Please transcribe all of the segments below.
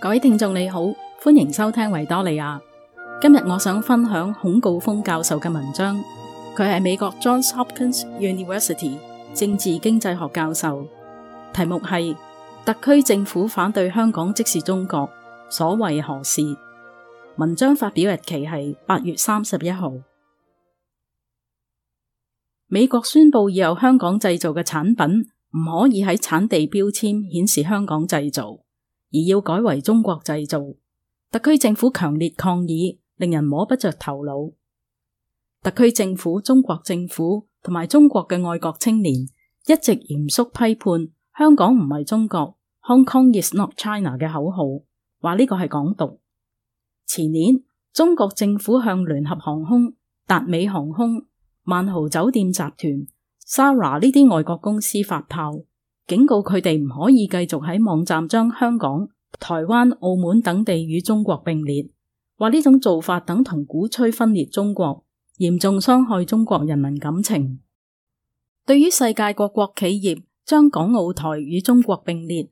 各位聽眾你好，歡迎收聽維多利亞。今日我想分享孔誥烽教授嘅文章，佢係美國 Johns Hopkins University 政治經濟學教授。題目係特區政府反對香港即是中國，所為何事？文章發表日期係八月三十一號。美國宣布以後，香港製造嘅產品唔可以喺產地標籤顯示香港製造。而要改為中國製造，特區政府強烈抗議，令人摸不着頭腦。特區政府、中國政府同埋中國嘅愛國青年一直嚴肅批判香港唔係中國 （Hong Kong is not China） 嘅口號，話呢個係港獨。前年，中國政府向聯合航空、達美航空、萬豪酒店集團、Sara 呢啲外國公司發炮。警告佢哋唔可以繼續喺網站將香港、台灣、澳門等地與中國並列，話呢種做法等同鼓吹分裂中國，嚴重傷害中國人民感情。對於世界各國企業將港澳台與中國並列，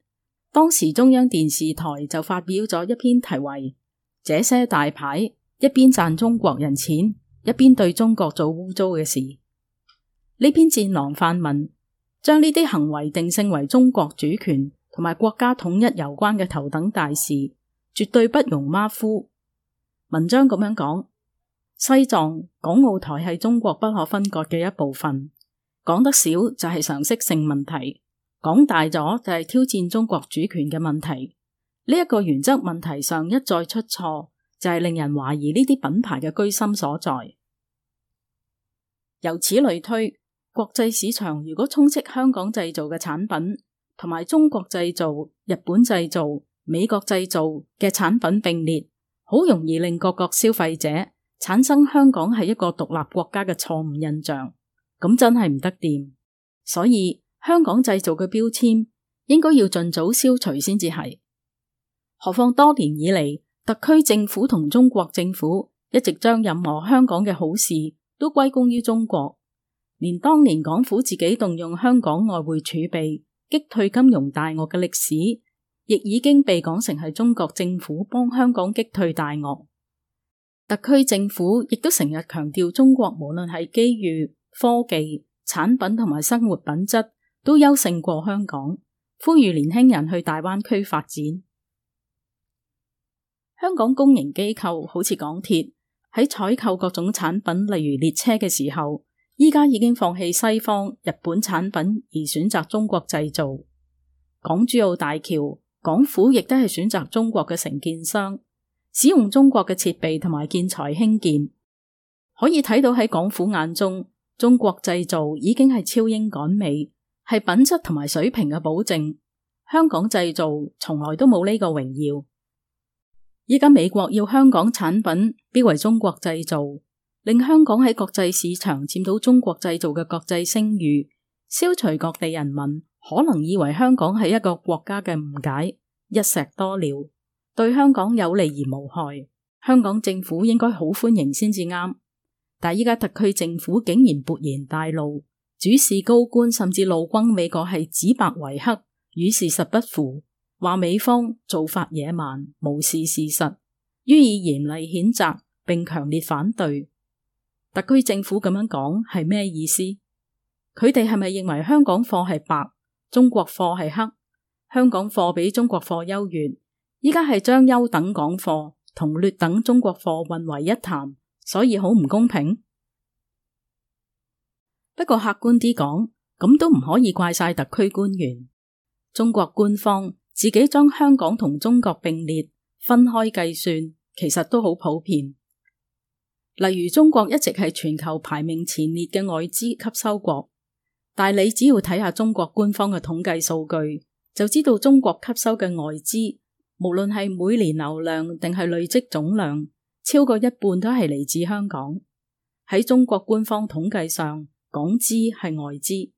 當時中央電視台就發表咗一篇題為《這些大牌一邊賺中國人錢，一邊對中國做污糟嘅事》呢篇戰狼泛文。將呢啲行為定性為中國主權同埋國家統一有關嘅頭等大事，絕對不容馬虎。文章咁樣講，西藏、港澳台係中國不可分割嘅一部分。講得少就係常識性問題，講大咗就係挑戰中國主權嘅問題。呢、這、一個原則問題上一再出錯，就係、是、令人懷疑呢啲品牌嘅居心所在。由此類推。國際市場如果充斥香港製造嘅產品，同埋中國製造、日本製造、美國製造嘅產品並列，好容易令各國消費者產生香港係一個獨立國家嘅錯誤印象，咁真係唔得掂。所以香港製造嘅標籤應該要盡早消除先至係。何況多年以嚟，特區政府同中國政府一直將任何香港嘅好事都歸功於中國。連當年港府自己動用香港外匯儲備擊退金融大鱷嘅歷史，亦已經被講成係中國政府幫香港擊退大鱷。特區政府亦都成日強調，中國無論係機遇、科技、產品同埋生活品質，都優勝過香港，呼籲年輕人去大灣區發展。香港公營機構好似港鐵，喺採購各種產品，例如列車嘅時候。依家已經放棄西方、日本產品而選擇中國製造。港珠澳大橋、港府亦都係選擇中國嘅承建商，使用中國嘅設備同埋建材興建。可以睇到喺港府眼中，中國製造已經係超英趕美，係品質同埋水平嘅保證。香港製造從來都冇呢個榮耀。依家美國要香港產品標為中國製造。令香港喺國際市場佔到中國製造嘅國際聲譽，消除各地人民可能以為香港係一個國家嘅誤解。一石多了，對香港有利而無害，香港政府應該好歡迎先至啱。但依家特區政府竟然勃然大怒，主事高官甚至怒轟美國係指白為黑，與事實不符，話美方做法野蠻，無視事,事實，予以嚴厲譴責並強烈反對。特區政府咁樣講係咩意思？佢哋係咪認為香港貨係白，中國貨係黑？香港貨比中國貨優越，依家係將優等港貨同劣等中國貨混為一談，所以好唔公平？ 不過客觀啲講，咁都唔可以怪晒特區官員。中國官方自己將香港同中國並列，分開計算，其實都好普遍。例如，中國一直係全球排名前列嘅外資吸收國，但你只要睇下中國官方嘅統計數據，就知道中國吸收嘅外資，無論係每年流量定係累積總量，超過一半都係嚟自香港。喺中國官方統計上，港資係外資。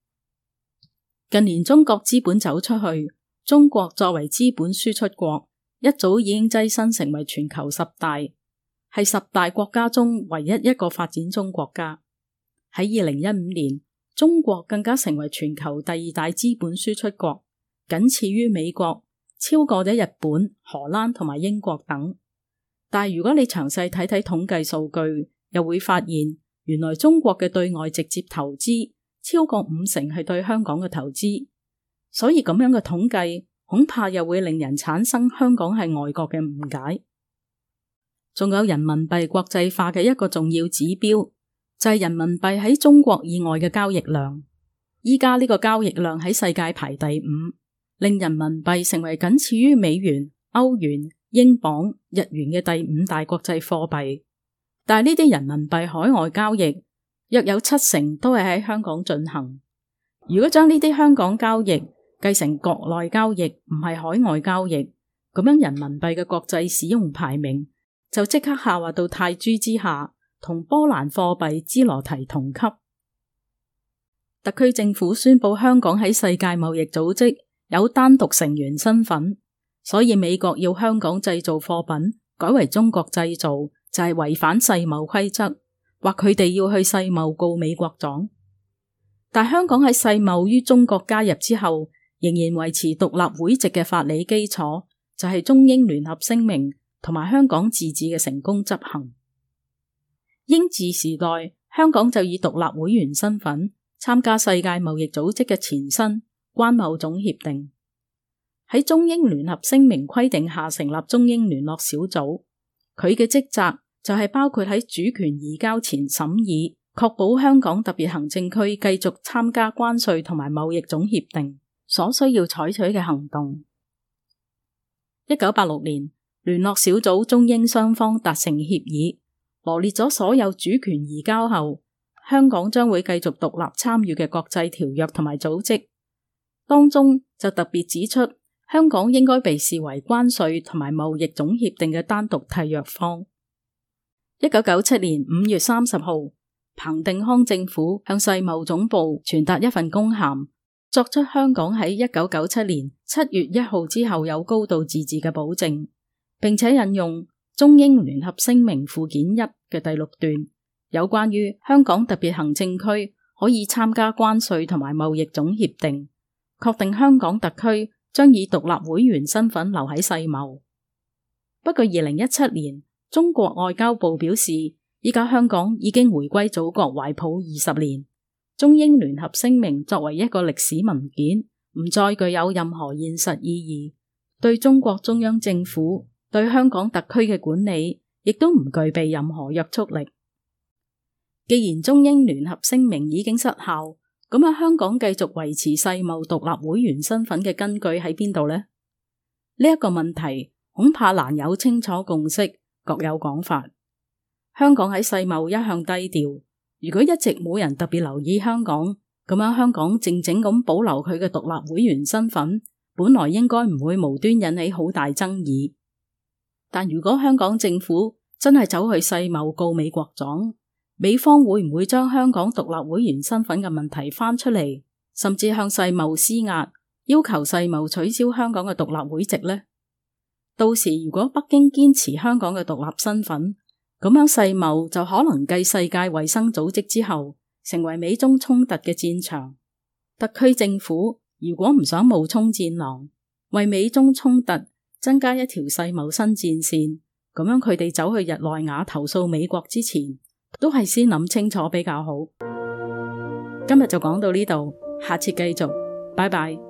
近年中國資本走出去，中國作為資本輸出國，一早已經躋身成為全球十大。係十大國家中唯一一個發展中國家。喺二零一五年，中國更加成為全球第二大資本輸出國，僅次於美國，超過咗日本、荷蘭同埋英國等。但如果你詳細睇睇統計數據，又會發現原來中國嘅對外直接投資超過五成係對香港嘅投資。所以咁樣嘅統計恐怕又會令人產生香港係外國嘅誤解。仲有人民幣國際化嘅一個重要指標，就係人民幣喺中國以外嘅交易量。依家呢個交易量喺世界排第五，令人民幣成為僅次於美元、歐元、英鎊、日元嘅第五大國際貨幣。但係呢啲人民幣海外交易，約有七成都係喺香港進行。如果將呢啲香港交易計成國內交易，唔係海外交易，咁樣人民幣嘅國際使用排名，就即刻下滑到泰銖之下，同波蘭貨幣茲羅提同級。特區政府宣布香港喺世界貿易組織有單獨成員身份，所以美國要香港製造貨品，改為中國製造，就係、是、違反世貿規則，或佢哋要去世貿告美國狀。但香港喺世貿於中國加入之後，仍然維持獨立會籍嘅法理基礎，就係、是、中英聯合聲明。同埋香港自治嘅成功執行，英治時代香港就以獨立會員身份參加世界貿易組織嘅前身關貿總協定。喺中英聯合聲明規定下成立中英聯絡小組，佢嘅職責就係包括喺主權移交前審議，確保香港特別行政區繼續參加關稅同埋貿易總協定所需要採取嘅行動。一九八六年，聯絡小組中英雙方達成協議，羅列咗所有主權移交後香港將會繼續獨立參與嘅國際條約同埋組織，當中就特別指出香港應該被視為關稅同埋貿易總協定嘅單獨締約方。一九九七年五月三十號，彭定康政府向世貿總部傳達一份公函，作出香港喺一九九七年七月一號之後有高度自治嘅保證。並且引用中英聯合聲明附件一嘅第六段，有關於香港特別行政區可以參加關稅同埋貿易總協定，確定香港特區將以獨立會員身份留喺世貿。不過，二零一七年中國外交部表示，依家香港已經回歸祖國懷抱二十年，中英聯合聲明作為一個歷史文件，唔再具有任何現實意義，對中國中央政府，對香港特區嘅管理亦都唔具備任何約束力。既然中英聯合聲明已經失效，咁喺香港繼續維持世貿獨立會員身份嘅根據喺邊度呢？呢、呢、一個問題恐怕難有清楚共識，各有講法。香港喺世貿一向低調，如果一直冇人特別留意香港，咁喺香港靜靜咁保留佢嘅獨立會員身份，本來應該唔會無端引起好大爭議。但如果香港政府真係走去世貿告美國狀，美方會唔會將香港獨立會員身份嘅問題翻出嚟，甚至向世貿施壓，要求世貿取消香港嘅獨立會籍呢？到時如果北京堅持香港嘅獨立身份，咁樣世貿就可能繼世界衛生組織之後，成為美中衝突嘅戰場。特區政府如果唔想冒充戰狼，為美中衝突。增加一條世貿新戰線，咁樣佢哋走去日內瓦投訴美國之前，都係先諗清楚比較好。今日就講到呢度，下次繼續，拜拜。